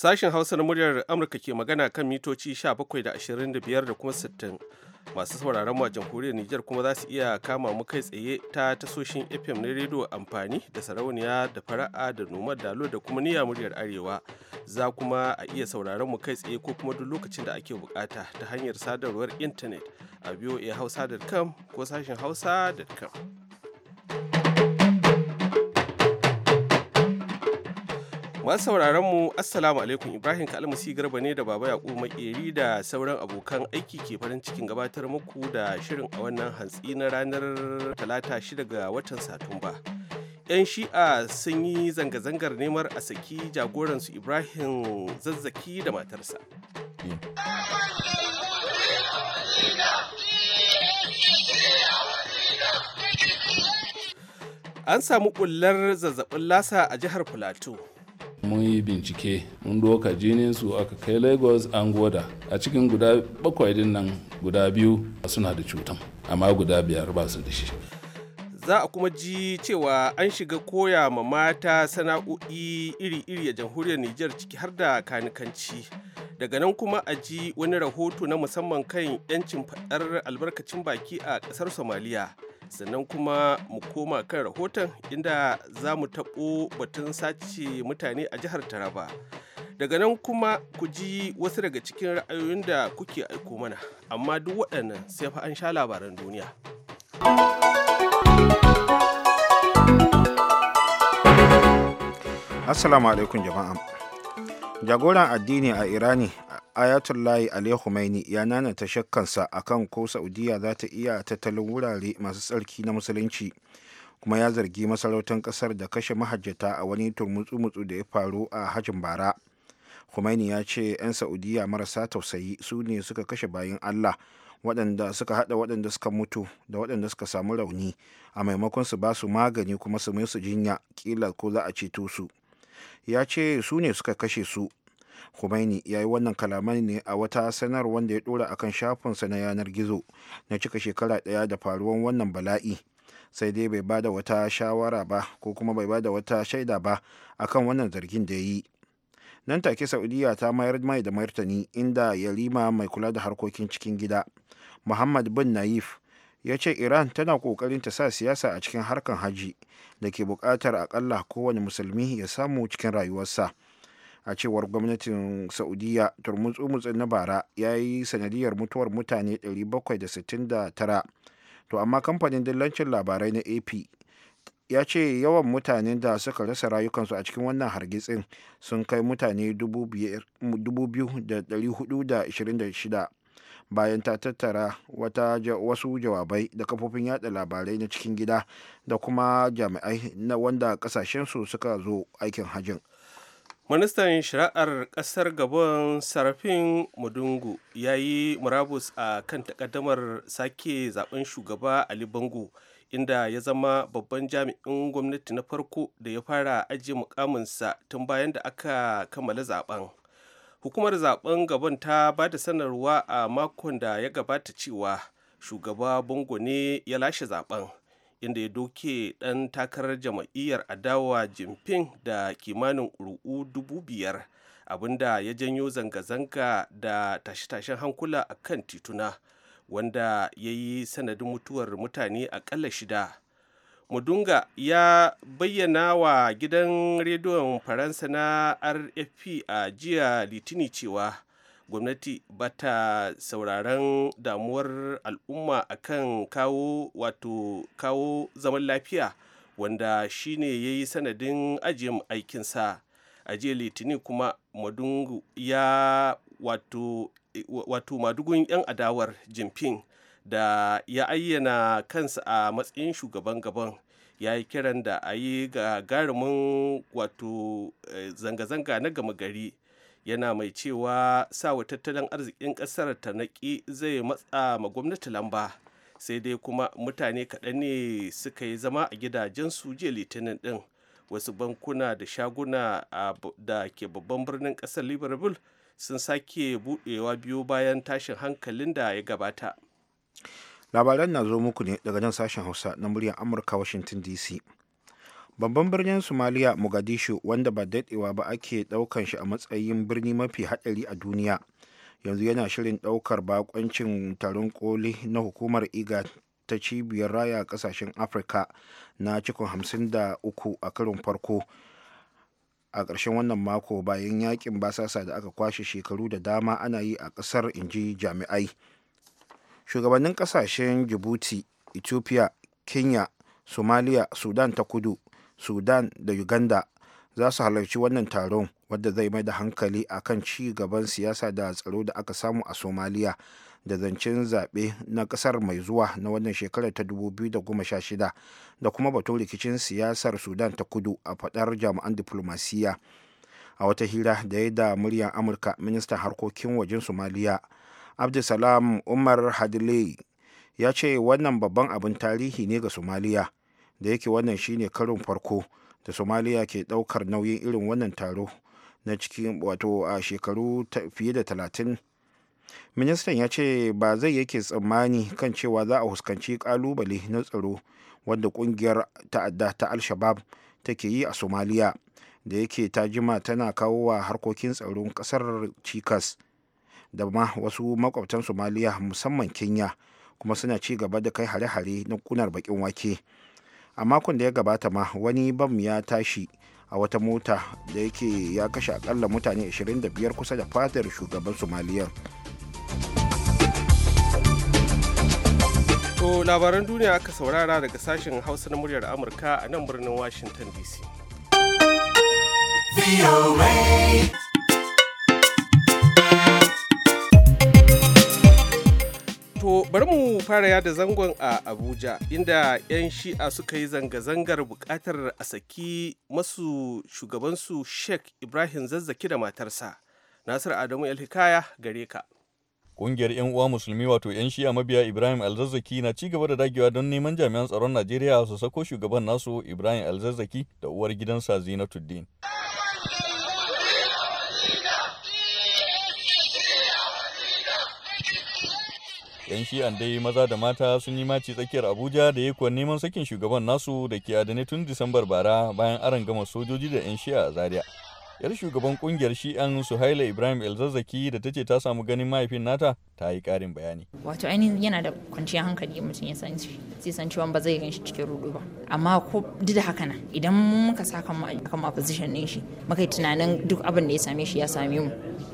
Sashen Hausa na muryar Amurka ke magana kan mitoci 17 da 25 da kuma 60. Masu sauraron mu a jamhuriyar Nijar kuma za su iya kama mu kai tsaye ta tasoshin FM na rediyo amfani da sarauniya da fara'a da noma dalo da kuma niyya muryar Arewa. Za kuma a iya sauraron mu kai tsaye ko kuma duk lokacin da ake bukata ta hanyar sadarwar intanet a voahausa.com ko sashen hausa.com. Masu sauraron mu Assalamu alaikum Ibrahim Kalmasi Garba ne da Baba Yakubu Makeri da sauran abokan aiki ke farin cikin gabatar muku da shirin a wannan hantsi na ranar talata shida ga watan Satumba. 'Yan shi'a sun yi zanga-zangar neman a saki jagoransu Ibrahim zazzaki da matarsa. An samu bullar zazzabin lasa a jihar Plateau. mun yi bincike mun doka jinin su aka kai lagos an a cikin guda bakwai din nan guda biyu suna da cutan amma guda biyar ba su da shi za a kuma ji cewa an shiga koya ma mata sana'o'i iri-iri a jamhuriyar Nijar ciki har da kanikanci. Daga nan kuma a ji wani rahoto na musamman kan 'yancin faɗar albarkacin baki a ƙasar Somaliya. sannan kuma mu koma kan rahoton inda za mu taɓo batun sace mutane a jihar taraba daga nan kuma ku ji wasu daga cikin ra'ayoyin da kuke aiko mana amma duk waɗannan sai fa an sha labaran duniya assalamu alaikum jama'a jagoran addini a irani ayatollahi ali khomeini ya nana ta shakkansa akan ko saudiya za ta iya tattalin wurare masu tsarki na musulunci kuma ya zargi masarautar kasar da kashe mahajjata a wani turmutsu-mutsu da ya faru a hajin bara khomeini ya ce 'yan saudiya marasa tausayi su ne suka kashe bayan allah waɗanda suka haɗa waɗanda suka mutu da waɗanda suka samu rauni a maimakon su ba su magani kuma su su jinya kila ko za a ceto su ya ce su ne suka kashe su Khomeini ya yi wannan kalamai ne a wata sanar wanda ya dora akan shafinsa na yanar gizo na cika shekara ɗaya da faruwan wannan bala'i. sai dai bai bada wata shawara ba ko kuma bai bada wata shaida ba akan wannan zargin da ya yi nan take saudiya ta mayar mai da martani inda yarima mai kula da harkokin cikin gida muhammad bin naif ya ce iran tana kokarin ta sa siyasa a cikin harkan haji da ke bukatar akalla kowane musulmi ya samu cikin rayuwarsa a cewar gwamnatin saudiya turmutsu-mutsu na bara ya yi sanadiyar mutuwar mutane 769 to amma kamfanin dillancin labarai na ap ya ce yawan mutanen da suka rasa rayukansu a cikin wannan hargitsin sun kai mutane 2,426 bayan ta tattara wasu jawabai da kafofin yada labarai na cikin gida da kuma jami'ai na wanda kasashensu suka zo aikin hajjin. ministan shari'ar kasar gabon sarafin mudungu ya yi murabus a kan takaddamar sake zaben shugaba ali bango inda ya zama babban jami'in gwamnati na farko da ya fara ajiye mukaminsa tun bayan da aka kammala zaben hukumar zaben gabon ta ba da sanarwa a makon da ya gabata cewa shugaba bango ne ya lashe zaben inda ya doke ɗan takarar jama'iyyar adawa jinping da kimanin uru'u dubu biyar abinda ya janyo zanga-zanga da tashe-tashen hankula a kan tituna wanda ya yi sanadin mutuwar mutane aƙalla shida mudunga ya bayyana wa gidan rediyon faransa na rfp a jiya litini cewa gwamnati ba ta sauraron damuwar al'umma akan kawo wato kawo zaman lafiya wanda shine ya yi sanadin ajiye aikinsa a jiya litinin kuma madungu ya wato wato madugun 'yan adawar jimfin da ya ayyana kansa a matsayin shugaban gaban ya yi kiran da a yi gagarumin wato eh, zanga-zanga na gama gari yana mai cewa sawa tattalin arzikin kasar ta naƙi zai matsa ma gwamnati lamba sai dai kuma mutane kaɗan ne suka yi zama a gidajen su jiya litinin ɗin wasu bankuna da shaguna da ke babban birnin ƙasar liverpool sun sake buɗewa biyu bayan tashin hankalin da ya gabata labaran na zo muku ne daga nan sashen hausa na muryar amurka washington dc babban birnin somaliya mogadishu wanda ba daɗewa ba ake ɗaukan shi a matsayin birni mafi haɗari a duniya yanzu yana shirin ɗaukar bakoncin taron koli na hukumar iga ta cibiyar raya ƙasashen afirka na cikin uku a karin farko a ƙarshen wannan mako bayan yakin basasa da aka kwashe shekaru da dama ana yi a ƙasar inji jami'ai shugabannin ƙasashen jibuti ethiopia kenya somalia sudan ta kudu sudan da uganda za su halarci wannan taron wadda zai mai da hankali a kan ci gaban siyasa da tsaro da aka samu a somaliya da zancen zaɓe na ƙasar mai zuwa na wannan shekarar ta 2016 da kuma batun rikicin siyasar sudan ta kudu a faɗar jami'an diflomasiyya a wata hira da ya da muryar amurka Minista harkokin wajen somaliya abdulsalam umar hadley ya ce wannan babban abin tarihi ne ga somaliya da yake wannan shine karin farko da somaliya ke daukar nauyin irin wannan taro na cikin wato a shekaru fiye da talatin ministan ya ce ba zai yake tsammani kan cewa za a huskanci kalubale na tsaro wanda kungiyar ta'adda ta al-shabab take yi a somaliya da yake ta jima tana kawo wa harkokin tsaron kasar cikas da ma wasu makwabtan somaliya musamman kenya kuma suna ci gaba da kai hare-hare na kunar bakin wake. a makon da ya gabata ma wani bam ya tashi a wata mota da yake ya kashe akalla mutane 25 kusa da fadar shugaban somaliya to labaran duniya aka saurara daga sashen hausa na muryar amurka a nan birnin washington dc To bari mu fara yada zangon a Abuja inda 'yan shi'a suka yi zanga-zangar bukatar a saki masu shugabansu Sheikh Ibrahim Zazzaki da matarsa. Nasir Adamu Alhikaya gare ka. Ƙungiyar 'yan uwa musulmi wato 'yan shi'a mabiya Ibrahim Alzazzaki na ci gaba da dagewa don neman jami'an tsaron Najeriya su sako shugaban nasu Ibrahim Alzazzaki da uwar gidansa Zinatuddin. 'yan shi'an dai maza da mata sun yi maci tsakiyar abuja da ya kuwa neman sakin shugaban nasu da ke adane tun disambar bara bayan aron gama sojoji da 'yan shi'a a zaria yar shugaban kungiyar shi'an suhaila ibrahim elzazzaki da ta ce ta samu ganin mahaifin nata ta yi karin bayani wato ainihin yana da kwanciyar hankali mutum ya san shi sai san cewa ba zai gan shi cikin rudu ba amma ko duk da haka na idan muka saka mu kan position ɗin shi muka yi tunanin duk abin da ya same shi ya same mu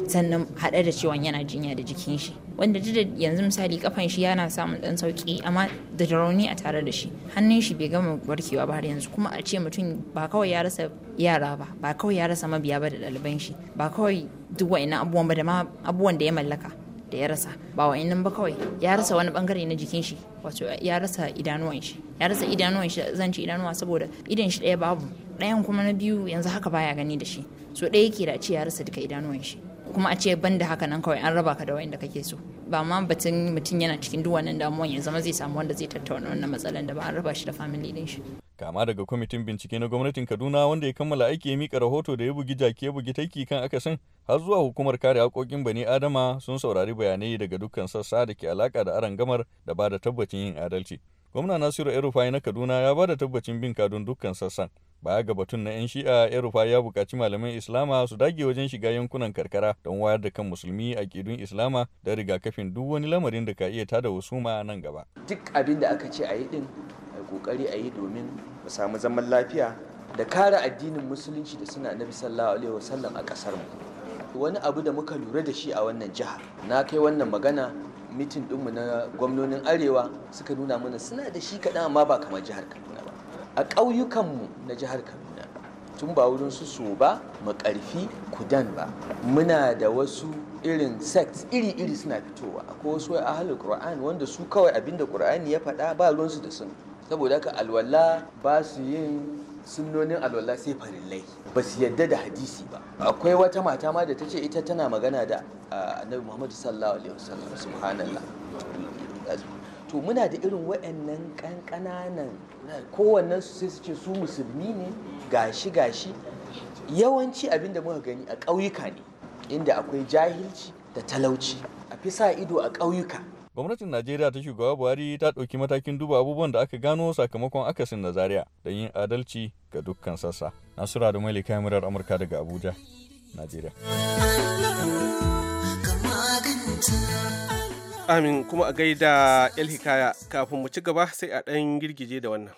sannan haɗe da cewa yana jinya da jikin shi wanda duk yanzu misali kafan shi yana samun dan sauki amma da rauni a tare da shi hannun shi bai gama barkewa ba har yanzu kuma a ce mutum ba kawai ya rasa yara ba ba kawai ya rasa mabiya ba da ɗaliban shi ba kawai duk wa'annan abubuwan ba da ma abubuwan da ya mallaka da ya rasa ba wa'annan ba kawai ya rasa wani bangare na jikin shi wato ya rasa idanuwan shi ya rasa idanuwan shi zan ci idanuwa saboda idan shi ɗaya babu ɗayan kuma na biyu yanzu haka baya gani da shi so ɗaya yake da ce ya rasa duka idanuwan shi kuma a ce ban da haka nan kawai an raba ka da da kake so ba ma batun mutum yana cikin duk wannan damuwan ya zai samu wanda zai tattauna wannan matsalan da ba an raba shi da family din shi kama daga kwamitin bincike na gwamnatin kaduna wanda ya kammala aiki ya mika rahoto da ya bugi jake ya bugi taiki kan akasin har zuwa hukumar kare haƙoƙin bani adama sun saurari bayanai daga dukkan sassa da ke alaƙa da gamar da ba da tabbacin yin adalci gwamna nasiru erufai na kaduna ya ba da tabbacin bin kadun dukkan sassan baya ga batun na 'yan shi'a erufai ya buƙaci malaman islama su dage wajen shiga yankunan karkara don wayar da kan musulmi a ƙidun islama da rigakafin duk wani lamarin da ka iya tada ma nan gaba duk abin da aka ce a yi din Ƙoƙari a yi domin mu samu zaman lafiya da kare addinin musulunci da suna na sallallahu alaihi wasallam a kasar mu wani abu da muka lura da shi a wannan jiha. na kai wannan magana mitin ɗinmu na gwamnonin arewa suka nuna mana suna da shi kaɗan amma ba kamar jihar kaduna ba a ƙauyukanmu na jihar kaduna tun ba wurin su so ba makarfi kudan ba muna da wasu irin sect iri-iri suna fitowa akwai wasu ahalul qur'an wanda su kawai abinda qur'ani ya faɗa ba ruwansu da sun saboda haka alwala ba su yin sunnonin alwala sai farillai ba su yadda da hadisi ba akwai wata mata ma da ta ce ita tana magana da annabi muhammadu sallallahu alaihi wasallam subhanallah to muna da irin waɗannan ƙanƙananan kowannen su sai su ce su musulmi ne gashi gashi yawanci abin da muka gani a ƙauyuka ne inda akwai jahilci da talauci a fi sa ido a ƙauyuka gwamnatin najeriya ta shugaba buhari ta ɗauki matakin duba abubuwan da aka gano sakamakon akasin na zaria don yin adalci ga dukkan sassa nasura da mai kamarar amurka daga abuja najeriya amin kuma a gaida el hikaya kafin mu ci gaba sai a ɗan girgije da wannan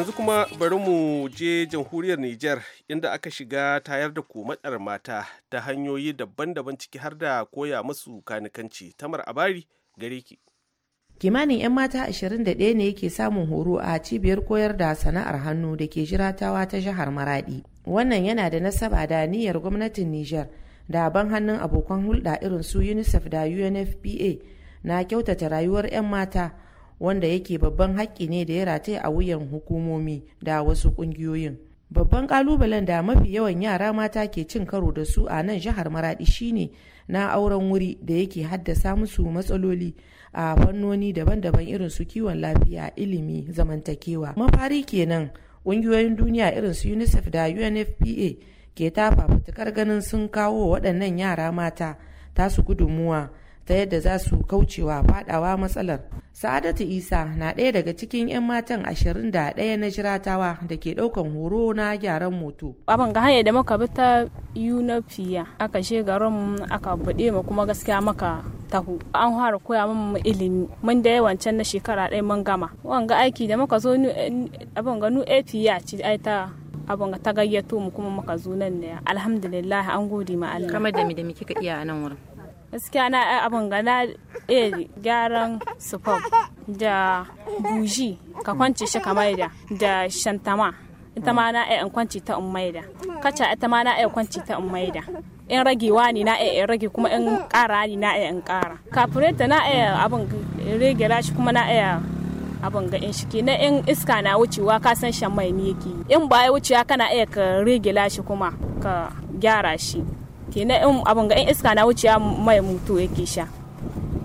yanzu kuma bari mu je jamhuriyar Nijar inda aka shiga tayar da komatsar mata ta hanyoyi daban-daban ciki har da koya musu kanikanci. Tamar Abari gare ki. Kimanin 'yan mata 21 ne yake samun horo a cibiyar koyar da sana'ar hannu da ke jiratawa ta jihar Maradi. Wannan yana da nasaba da niyyar gwamnatin Nijar da ban hannun abokan hulɗa irin su UNICEF da UNFPA na kyautata rayuwar 'yan mata. wanda yake babban haƙƙi ne da ya rataya a wuyan hukumomi da wasu ƙungiyoyin. Babban ƙalubalen da mafi yawan yara mata ke cin karo da su a nan jihar Maraɗi shine na auren wuri da yake haddasa musu matsaloli a fannoni daban-daban irin su kiwon lafiya, ilimi, zamantakewa. Mafari kenan ƙungiyoyin duniya irin su UNICEF da UNFPA ke ta fafutukar ganin sun kawo waɗannan yara mata tasu gudunmuwa ta yadda za su kaucewa fadawa matsalar. Sa'adatu Isa na ɗaya daga cikin 'yan matan 21 na jiratawa da ke ɗaukan horo na gyaran moto. Abin ga hanyar da muka bi ta UNFIA aka shegaron aka buɗe mu kuma gaskiya maka taho an fara koya min ilimi mun da can na shekara ɗaya mun gama ga aiki da muka zo abin ga nu APIA ce ai ta abin ta gayyato mu kuma muka zo nan ne alhamdulillah an gode ma Allah kamar da me da kika iya a nan wurin gaskiya na eh, abin ga na iya eh, gyaran sufam da buji ka kwance shi ka maida da shantama ita ma na eh, iya kwanci ta in maida kaca ita ma na iya kwanci ta in maida in ragewa ne na iya rage kuma in kara ne na iya in kara kafureta na iya abin rage shi kuma na iya abin ga in shike na in iska na wucewa ka san shan mai ne yake in baya wucewa kana iya ka rage shi kuma ka gyara shi kenan in abin ga in iska na wuciya mai mutu yake sha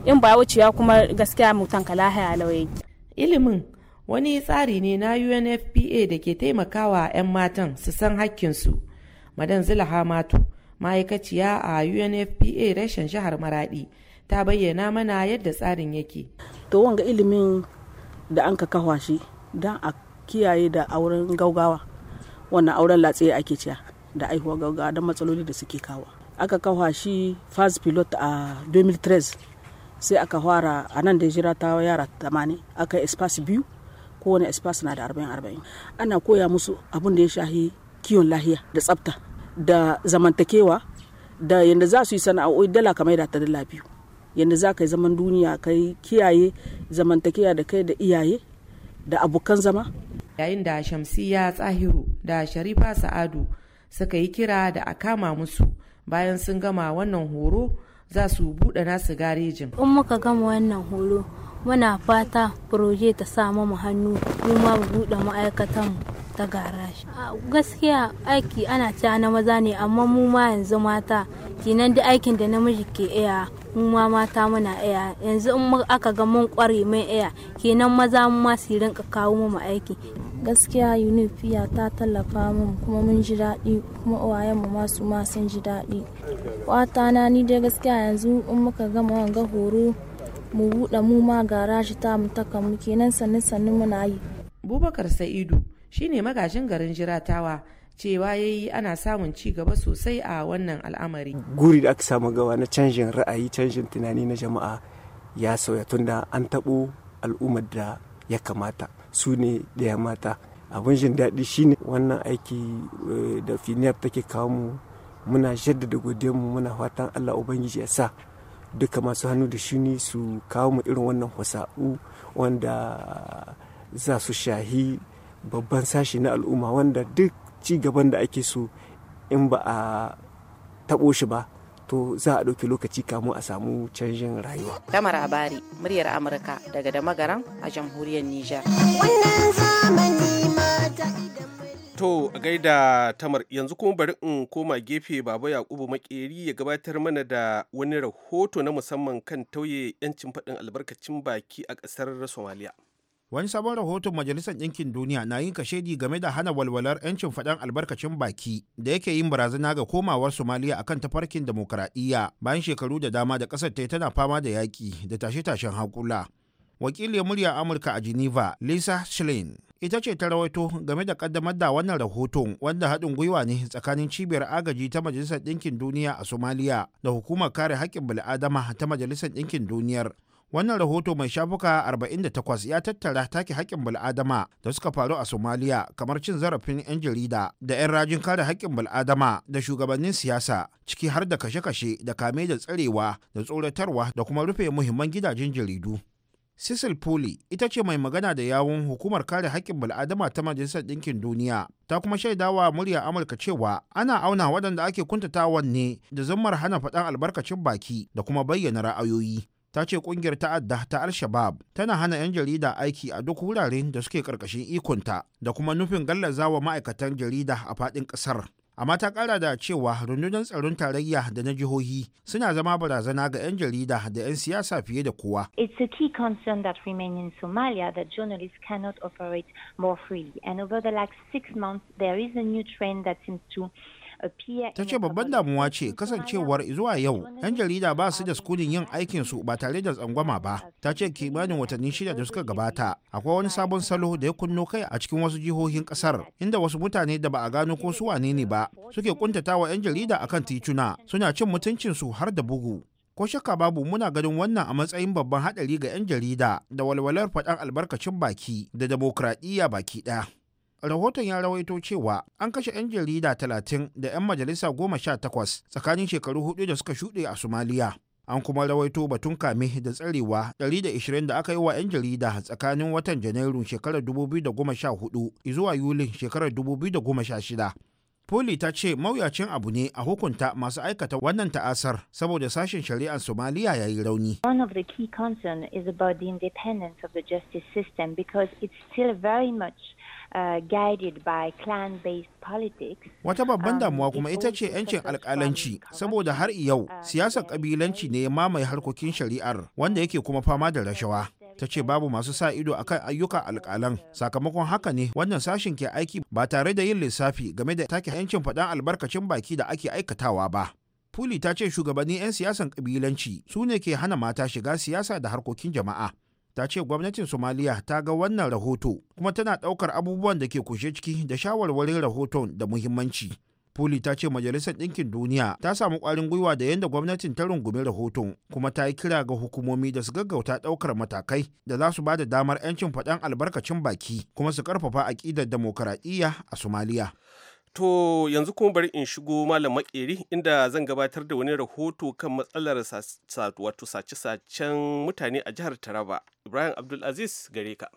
in ba wuciya kuma gaskiya mutan ka lahaya lawaye ilimin wani tsari ne na UNFPA da ke taimakawa 'yan matan su san su madan zilaha matu ma'aikaciya a UNFPA rashin jihar maradi ta bayyana mana yadda tsarin yake to wanga ilimin da an ka kawa shi don a kiyaye da auren gaugawa wannan auren latsaye ake ciya da aihuwa ga da matsaloli da suke kawo aka kawo shi first pilot a 2013 sai aka fara a nan da jira ta yara tamani aka espace biyu kowane espace na da 40-40 ana koya musu abin da ya shahi kiwon lahiya da tsafta da zamantakewa da yadda za su yi sana'o'i dala kamar da ta dala biyu yadda za ka yi zaman duniya ka kiyaye zamantakewa da kai da iyaye da abokan zama yayin da shamsiya tsahiru da sharifa sa'adu suka yi kira da a kama musu bayan sun gama wannan horo za su buɗe nasu garejin. In muka gama wannan horo muna fata proje ta samu mu hannu mu ma mu buɗe ma'aikatan ta garashi. Gaskiya aiki ana ci na maza ne amma mu ma yanzu mata kinan da aikin da namiji ke iya mu ma mata muna iya yanzu in aka ga mun kware mai iya kenan maza mu ma su rinka kawo mu aiki gaskiya unifiya ta tallafa mun kuma mun ji daɗi kuma mu masu ma sun ji daɗi wata na ni dai gaskiya yanzu in muka gama wanga horo mu buɗe mu ma garaji ta mu taka mu kenan sannu sannu muna yi bubakar sa'idu shine magajin garin jiratawa cewa ya yi ana samun ci gaba sosai a wannan al'amari guri da aka samu gawa na canjin ra'ayi canjin tunani na jama'a ya sauya tunda an taɓo al'ummar da ya kamata su ne ɗaya mata abin jin daɗi shine wannan aiki eh, da finiyar take kawo mu muna jaddada mu muna fatan allah ubangiji ya sa duka masu hannu da shuni su kawo mu irin wannan wasa'u wanda za su shahi babban sashi na al'umma wanda duk ci gaban da ake so in ba a taɓo shi ba to za a ɗauki lokaci kamun a samu canjin rayuwa. Lamar Abari, muryar Amurka daga da magaran a jamhuriyar Nijar. Wannan zamani To gaida tamar yanzu kuma bari in koma gefe baba Yakubu makeri ya gabatar mana da wani rahoto na musamman kan tauye 'yancin faɗin albarkacin baki a ƙasar Somaliya. Wani sabon rahoton Majalisar Ɗinkin Duniya na yin kashedi game da hana walwalar 'yancin faɗan albarkacin baki da yake yin barazana ga komawar Somaliya akan tafarkin demokuraɗiyya bayan shekaru da dama da ƙasar ta tana fama da yaƙi da tashe-tashen haƙula. Wakiliyar murya Amurka a Geneva, Lisa Schlein, ita ce ta rawaito game da kaddamar da wannan rahoton wanda haɗin gwiwa ne tsakanin cibiyar agaji ta majalisar ɗinkin duniya a somaliya da hukumar kare haƙƙin bil'adama ta majalisar ɗinkin duniyar Wannan rahoto mai shafuka 48 ya tattara take haƙƙin bal'adama da suka faru a Somalia kamar cin zarafin 'yan jarida da 'yan rajin kare haƙƙin bal'adama da shugabannin siyasa ciki har da kashe-kashe da kame da tsarewa da tsoratarwa da kuma rufe muhimman gidajen jaridu. Cecil Poli ita ce mai magana da yawun hukumar kare haƙƙin bil'adama ta Majalisar Ɗinkin Duniya ta kuma shaidawa murya Amurka cewa ana auna waɗanda ake kuntatawa ne da zammar hana faɗan albarkacin baki da kuma bayyana ra'ayoyi. ta ce kungiyar ta'adda ta al-shabab tana hana 'yan jarida aiki a duk wuraren da suke karkashin ikonta da kuma nufin gallazawa ma'aikatan jarida a faɗin ƙasar amma ta ƙara da cewa rundunar tsaron tarayya da na jihohi suna zama barazana ga 'yan jarida da 'yan siyasa fiye da kowa. It's a key concern that remain in Somalia that journalists cannot operate more freely and over the last six months there is a new trend that seems to ta ce babban damuwa ce kasancewar zuwa yau 'yan jarida ba su da sukunin yin aikinsu ba tare da tsangwama ba ta ce kimanin watanni shida da suka gabata akwai wani sabon salo da ya kunno kai a cikin wasu jihohin kasar inda wasu mutane da ba a gano ko su wane ne ba suke kuntatawa 'yan jarida akan tituna suna cin mutuncinsu har da bugu ko shakka babu muna ganin wannan a matsayin babban haɗari ga 'yan jarida da walwalar faɗan albarkacin baki da dimokuraɗiyya baki ɗaya. rahoton ya rawaito cewa an kashe 'yan jarida 30 da 'yan majalisa 18 tsakanin shekaru hudu da suka shuɗe a somaliya an kuma rawaito batun kame da tsarewa 120 da aka yi wa 'yan jarida tsakanin watan janairun shekarar 2014 zuwa yulin shekarar 2016 Poli ta ce mawuyacin abu ne a hukunta masu aikata wannan ta'asar saboda sashen shari'ar Somaliya ya yi rauni. One of the key concern is about the independence of the justice system because it's still very much uh, guided by clan politics. Wata babban um, damuwa kuma ita ce 'yancin alkalanci saboda har yau uh, siyasar kabilanci ne ya mamaye harkokin shari'ar wanda yake kuma fama da rashawa. ta ce babu masu sa ido a kan ayyuka alkalan sakamakon haka ne wannan sashin ke aiki ba tare da yin lissafi game da take 'yancin faɗan albarkacin baki da ake aikatawa ba puli ta ce shugabannin 'yan siyasan kabilanci su ne ke hana mata shiga siyasa da harkokin jama'a ta ce gwamnatin somaliya ta ga wannan rahoto kuma tana ɗaukar abubuwan da ke kushe ciki da shawarwarin rahoton da muhimmanci Puli ta ce Majalisar Ɗinkin Duniya ta samu ƙwarin gwiwa da yadda gwamnatin ta rungumi rahoton kuma ta yi kira ga hukumomi da su gaggauta ɗaukar matakai da za su ba da damar 'yancin faɗan albarkacin baki kuma su ƙarfafa aƙidar demokaradiyya a Somaliya. To yanzu kuma bari in shigo Malam Makeri inda zan gabatar da wani rahoto kan matsalar wato sace-sacen mutane a jihar Taraba. Ibrahim Abdulaziz gare ka.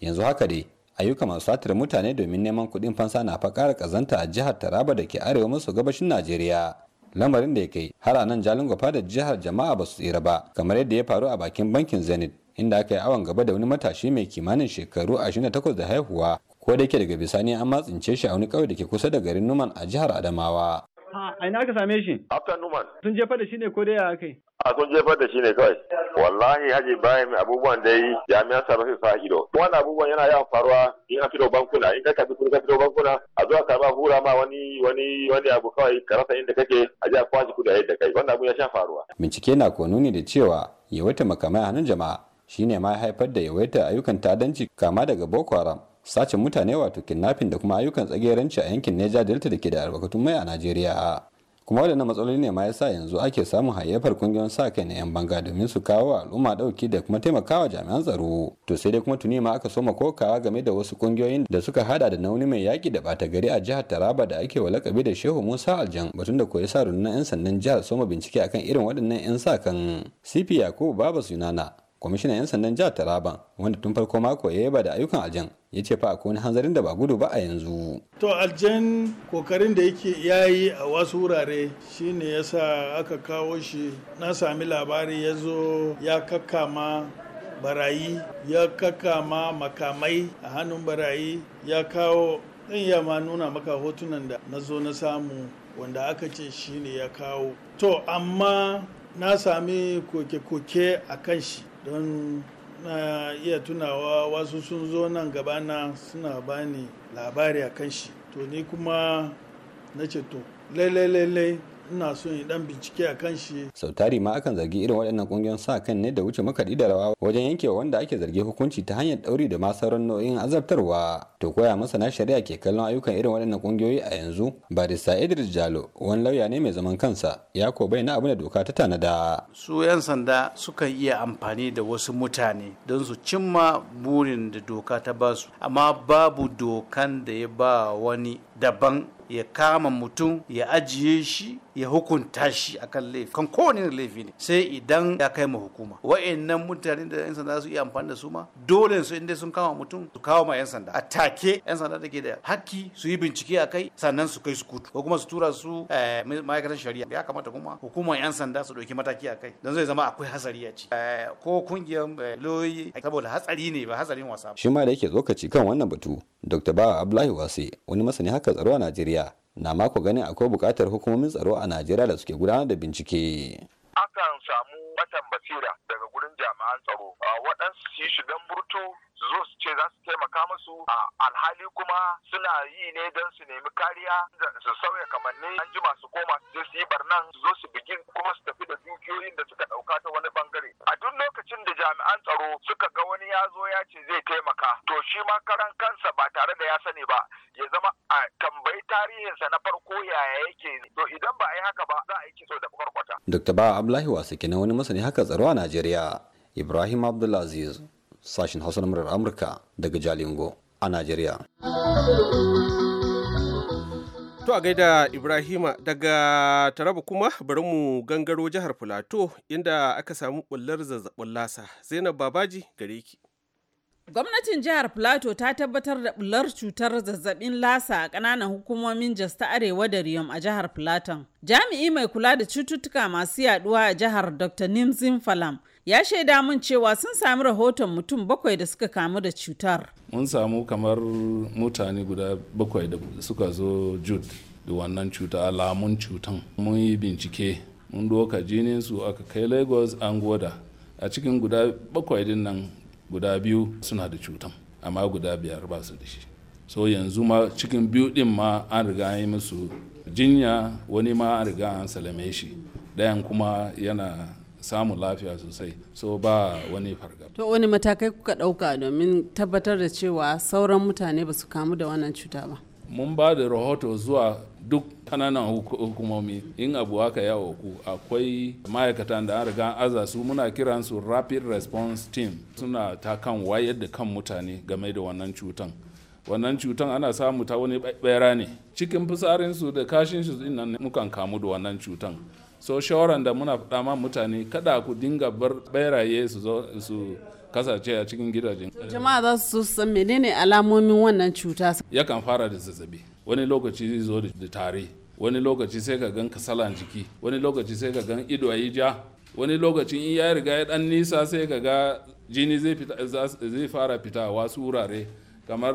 Yanzu haka dai ayyuka masu satar mutane domin neman kuɗin fansa na fa ƙara ƙazanta a jihar Taraba da ke arewa maso gabashin Najeriya. Lamarin da ya kai har a jalin gwafa da jihar jama'a ba su tsira ba kamar yadda ya faru a bakin bankin Zenith inda aka yi awon gaba da wani matashi mai kimanin shekaru 28 da haihuwa ko da yake daga bisani an matsince shi a wani kauye da ke kusa da garin numan a jihar adamawa a ina aka same shi after numan sun jefa da shi ne ko da ya kai a sun jefa da shi ne kawai wallahi haji bayan abubuwan da yi jami'an tsaro sai sa ido wannan abubuwan yana yawan faruwa in an fito bankuna in ka kafi kun ka fito bankuna a zuwa ka ba hura ma wani wani wani abu kawai ka rasa inda kake a ji a kwashi a da kai wannan abu ya sha faruwa bincike na ko nuni da cewa yawaita makamai a hannun jama'a shine ma haifar da yawaita ayyukan ta'addanci kama daga boko haram sace mutane wato kidnapping da kuma ayyukan tsageranci a yankin Neja Delta da ke da albarkatun mai a Najeriya. Kuma waɗannan matsaloli ne ma yasa yanzu ake samun hayyafar kungiyoyin sa kai na 'yan banga domin su kawo al'umma ɗauki da kuma taimakawa jami'an tsaro. To sai dai kuma tuni ma aka soma kokawa game da wasu kungiyoyin da suka hada da nauni mai yaƙi da ɓata gari a jihar Taraba da ake wa lakabi da Shehu Musa Aljan batun da koyi sa rundunar 'yan sandan jihar soma bincike akan irin waɗannan 'yan sa kan. CP Yakubu Baba Sunana kwamishinan 'yan sandan jihar taraban wanda tun farko mako ya yaba da ayyukan aljan ya ce fa akwai wani hanzarin da ba gudu ba a yanzu to aljan kokarin da yake ya yi a wasu wurare shine sa aka kawo shi na sami labari ya zo ya kakkama barayi ya kakama makamai a hannun barayi ya kawo in ya ma nuna maka hotunan da na zo na samu wanda aka ce shine ya kawo to amma na sami koke-koke a kan shi don na iya tunawa wasu sun zo nan gabana suna bani labari a kan shi to ni kuma na ce to lailai ina so yi dan bincike a kan shi sau tari ma akan zargi irin waɗannan kungiyoyin sa kan ne da wuce makaɗi da rawa wajen yankewa wanda ake zargi hukunci ta hanyar ɗauri da ma sauran nau'in azabtarwa to koya masana shari'a ke kallon ayyukan irin waɗannan kungiyoyi a yanzu barista Idris Jalo wani lauya ne mai zaman kansa ya ko bayyana abin da doka ta tanada su yan sanda sukan iya amfani da wasu mutane don su cimma burin da doka ta basu amma babu dokan da ya ba wani daban ya kama mutum ya ajiye shi ya hukunta shi akan laifi kan kowane laifi ne sai idan ya kai ma hukuma wa'annan mutane da yan sanda su iya amfani da su ma dole su inda sun kama mutum su kawo ma yan sanda a take yan sanda da ke da haƙƙi su yi bincike a kai sannan su kai su kutu ko kuma su tura su eh, ma'aikatan shari'a ya kamata kuma hukumar yan sanda su ɗauki mataki a kai don zai zama akwai hatsari a ci eh, ko kungiyar eh, loyi saboda hatsari ne ba hatsarin wasa shi ma da yake kan wannan batu dr bawa abdullahi wase wani masani haka tsaro a najeriya na mako ganin akwai bukatar hukumomin tsaro a najeriya da suke gudanar da bincike akan samu batan basira daga gurin jami'an tsaro ah, waɗansu su yi shigan burtu su zo su ce za su taimaka musu a ah, alhali kuma suna yi ne don su nemi kariya su sauya kamanni an jima su koma su je su yi barnan su zo su bigi kuma su tafi da dukiyoyin da suka ɗauka ta wani bangare a duk lokacin da jami'an tsaro suka ga wani ya zo ya ce zai taimaka to shi ma karan kansa ba tare da ya sani ba ya zama a tambayi tarihinsa na farko yaya yake to idan ba a yi haka ba za a yi kitso da farko Dr. Ba Abdullahi Wasu na wani masani haka tsaro a Najeriya. Ibrahim Abdulaziz, sashen Hausa na murar Amurka daga Jalingo a Najeriya. To a gaida Ibrahima daga Taraba kuma bari mu gangaro jihar Filato inda aka samu bullar zazzabin lasa. Zainab Babaji gare ki. Gwamnatin jihar Plateau ta tabbatar da bular cutar zazzabin lasa a ƙananan hukumomin Jos ta Arewa da Riyom a jihar Plateau. Jami'i mai kula da cututtuka masu yaduwa a jihar Dr. Nimzin Falam ya shaida mun cewa sun sami rahoton mutum bakwai da suka kamu da cutar. Mun samu kamar mutane guda bakwai da suka zo Jud da wannan cuta alamun cutan. Mun yi bincike, mun doka jinin aka kai Lagos an goda. A cikin guda bakwai din nan guda biyu suna da cutan amma guda biyar ba su da shi so yanzu ma cikin biyu din ma an riga an yi musu jinya wani ma an riga an salame shi ɗayan kuma yana samun lafiya sosai so ba wani fargaba. to wani matakai kuka ɗauka domin tabbatar da cewa sauran mutane ba su kamu da wannan cuta ba mun ba da rahoto zuwa duk kananan hukumomi in abu haka ya auku akwai ma'aikatan da an riga aza su muna kiran su rapid response team suna ta kan wayar da kan mutane game da wannan cutan wannan cutan ana samu ta wani bera ne cikin fitsarinsu da kashin su din nan mukan kamu da wannan cutan so shawaran da muna faɗa ma mutane kada ku dinga bar beraye su zo su kasashe a cikin gidajen jama'a za su san menene alamomin wannan cuta yakan fara da zazzabi wani lokaci zai zo da tare wani lokaci sai ka gan kasalan jiki wani lokaci sai ka gan ido yi ja wani lokacin in ya riga ya dan nisa sai ka ga jini zai fara fita wasu wurare kamar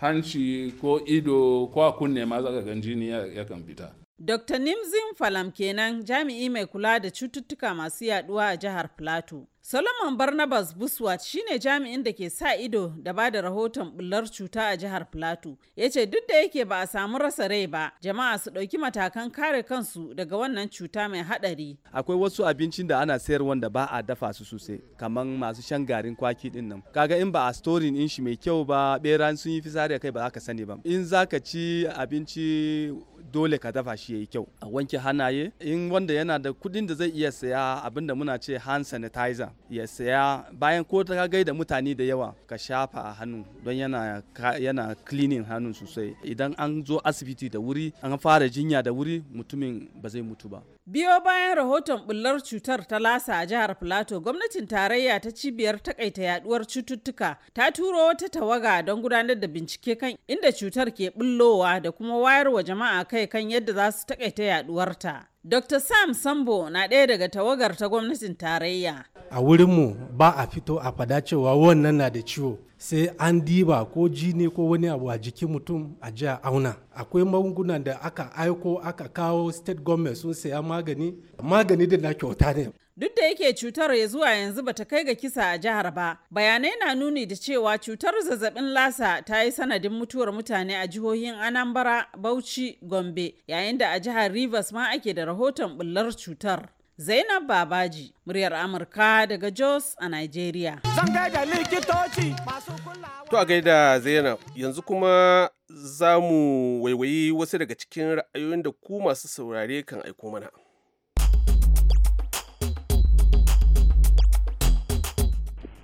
hanci ko ido ko kunne ma za ka gan jini yakan fita Dr. Nimzin Falam kenan jami'i mai kula da cututtuka masu yaduwa a jihar Plateau. Solomon Barnabas Buswat shine jami'in da ke sa ido da ba da rahoton bullar cuta a jihar Plateau. Ya ce duk da yake ba a samu rasa rai ba, jama'a su ɗauki matakan kare kansu daga wannan cuta mai haɗari. Akwai wasu abincin da ana sayar wanda ba a dafa su sosai, kamar masu shan garin kwaki din nan. Kaga in ba a storin in shi mai kyau ba, beran sun yi fisari kai ba za ka sani ba. In za ka ci abinci dole ka dafa shi yayi kyau a wanke hannaye in wanda yana da kudin da zai iya saya abinda muna ce hand sanitizer ya saya bayan ko ta gai da mutane da yawa ka shafa a hannu don yana yana cleaning hannun sosai idan an zo asibiti da wuri an fara jinya da wuri mutumin ba zai mutu ba Biyo bayan rahoton bullar cutar ta lasa a jihar plateau gwamnatin tarayya ta cibiyar takaita yaduwar cututtuka ta turo wata tawaga don gudanar da bincike kan inda cutar ke bullowa da kuma wayar wa jama'a kai kan yadda za su takaita yaduwarta. Dr. Sam Sambo na ɗaya daga tawagar ta gwamnatin tarayya. A wurinmu ba a fito a fada cewa wannan na da ciwo sai an diba ko jini ko wani abu a jikin mutum a jiya auna akwai magungunan da aka aiko aka kawo state government sun saya magani magani da na kyauta ne duk da yake cutar ya zuwa yanzu bata kai ga kisa a jihar ba bayanai na nuni da cewa cutar zazzabin lasa ta yi sanadin mutuwar mutane a jihohin anambra bauchi gombe yayin da a jihar rivers ma ake da rahoton bullar cutar Zainab Babaji, muryar Amurka daga Jos a Nigeria. Zan gaida likitoci masu kulawa. To a gaida Zainab, yanzu kuma za mu waiwayi wasu daga cikin ra'ayoyin da ku masu saurare kan aiko mana.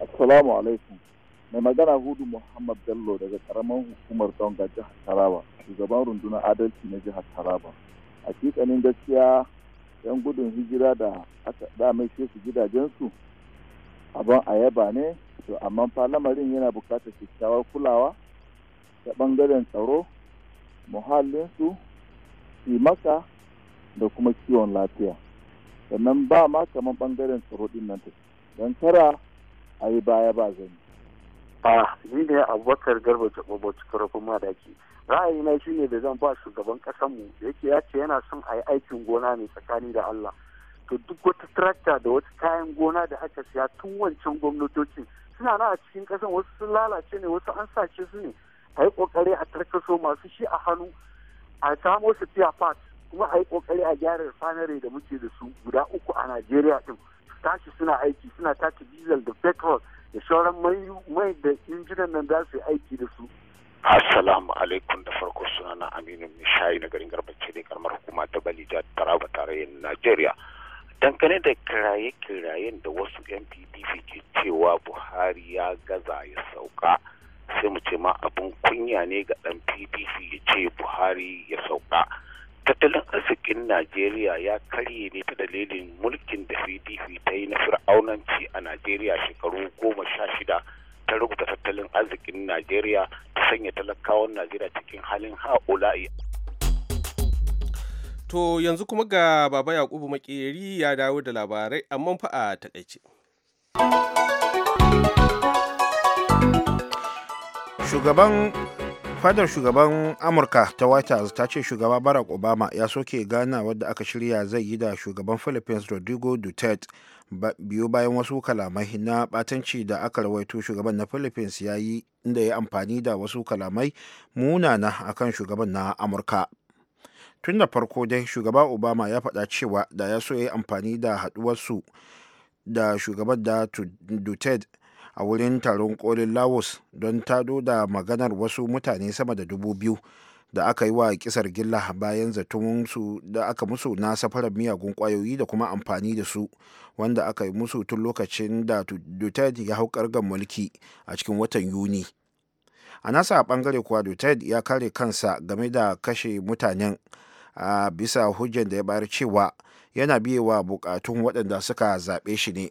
Assalamu alaikum. Mai magana Hudu Muhammad Bello daga karamar hukumar Donga jihar Taraba, shugaban rundunar adalci na jihar Taraba. Hakikanin gaskiya 'yan gudun hijira da aka ce su gidajensu abin a yaba ne to amma fa lamarin yana buƙatar kyakkyawar kulawa ta ɓangaren tsaro muhallinsu maka da kuma kiwon lafiya sannan ba ma kamar ɓangaren tsaro ɗin nan don kara a yi baya ba zai a ni ne abubakar garba jabo karfin madaki ra'ayina ne da zan ba shugaban da yake ya ce yana son a yi aikin gona ne tsakani da allah to duk wata tarakta da wata kayan gona da aka siya tun wancan gwamnatocin suna na a cikin kasan wasu sun lalace ne wasu an sace su ne a yi kokari a tarkaso masu shi a hannu a samo su fiya fat kuma a yi kokari a gyara refinery da muke da su guda uku a najeriya din tashi suna aiki suna tace diesel da petrol da sauran mai da injinan nan za su yi aiki da su Assalamu alaikum da farko sunana Aminu Mishayi na garin Garbace ne karamar hukuma ta Bali Taraba tarayyar Najeriya. Dangane da kiraye-kirayen da wasu yan PDP ke cewa Buhari ya gaza ya sauka sai mu ce ma abin kunya ne ga ɗan PDP ya ce Buhari ya sauka. tattalin arzikin najeriya ya karye ne ta dalilin mulkin da pdp ta yi na fir'aunanci a najeriya shekaru goma sha shida ta rubuta tattalin arzikin najeriya ta sanya talakawan najeriya cikin halin ha'ula'i to yanzu kuma ga baba yakubu makeri ya dawo da labarai amma fa a takaice shugaban fadar shugaban amurka ta white house ta ce shugaba barack obama ya soke gana wadda aka shirya zai yi da shugaban philippines rodrigo duterte biyu bayan wasu kalamai na batanci da aka rawaito shugaban na philippines ya yi inda ya amfani da wasu kalamai munana akan shugaban na amurka tun da farko dai shugaba obama ya faɗa cewa da ya so ya yi amfani da haɗuwarsu da shugaban da duterte a wurin taron kolin laos don tado da maganar wasu mutane sama da dubu biyu da aka yi wa kisar gilla bayan zaton su da aka musu na safarar miyagun kwayoyi da kuma amfani da su wanda aka yi musu tun lokacin da duterte ya hau kargan mulki a cikin watan yuni a nasa a bangare kuwa duterte ya kare kansa game da kashe mutanen a bisa hujjan da ya bayar cewa yana biyewa bukatun waɗanda suka zaɓe shi ne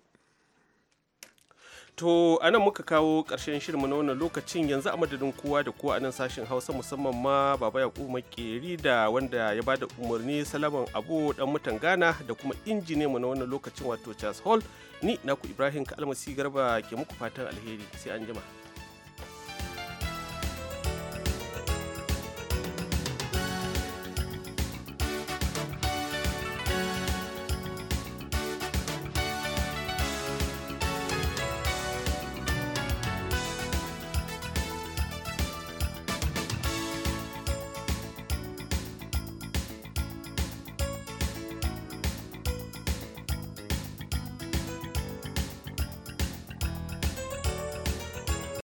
To a nan muka kawo ƙarshen shirinmu na wannan lokacin yanzu a madadin kowa da kowa a nan sashen Hausa musamman ma Baba Yakubu Makeri da wanda ya bada umarni Salaman Abu dan mutan Ghana da kuma injine mu na wannan lokacin wato Charles Hall ni naku Ibrahim Kalmasi Garba ke muku fatan alheri sai an jima.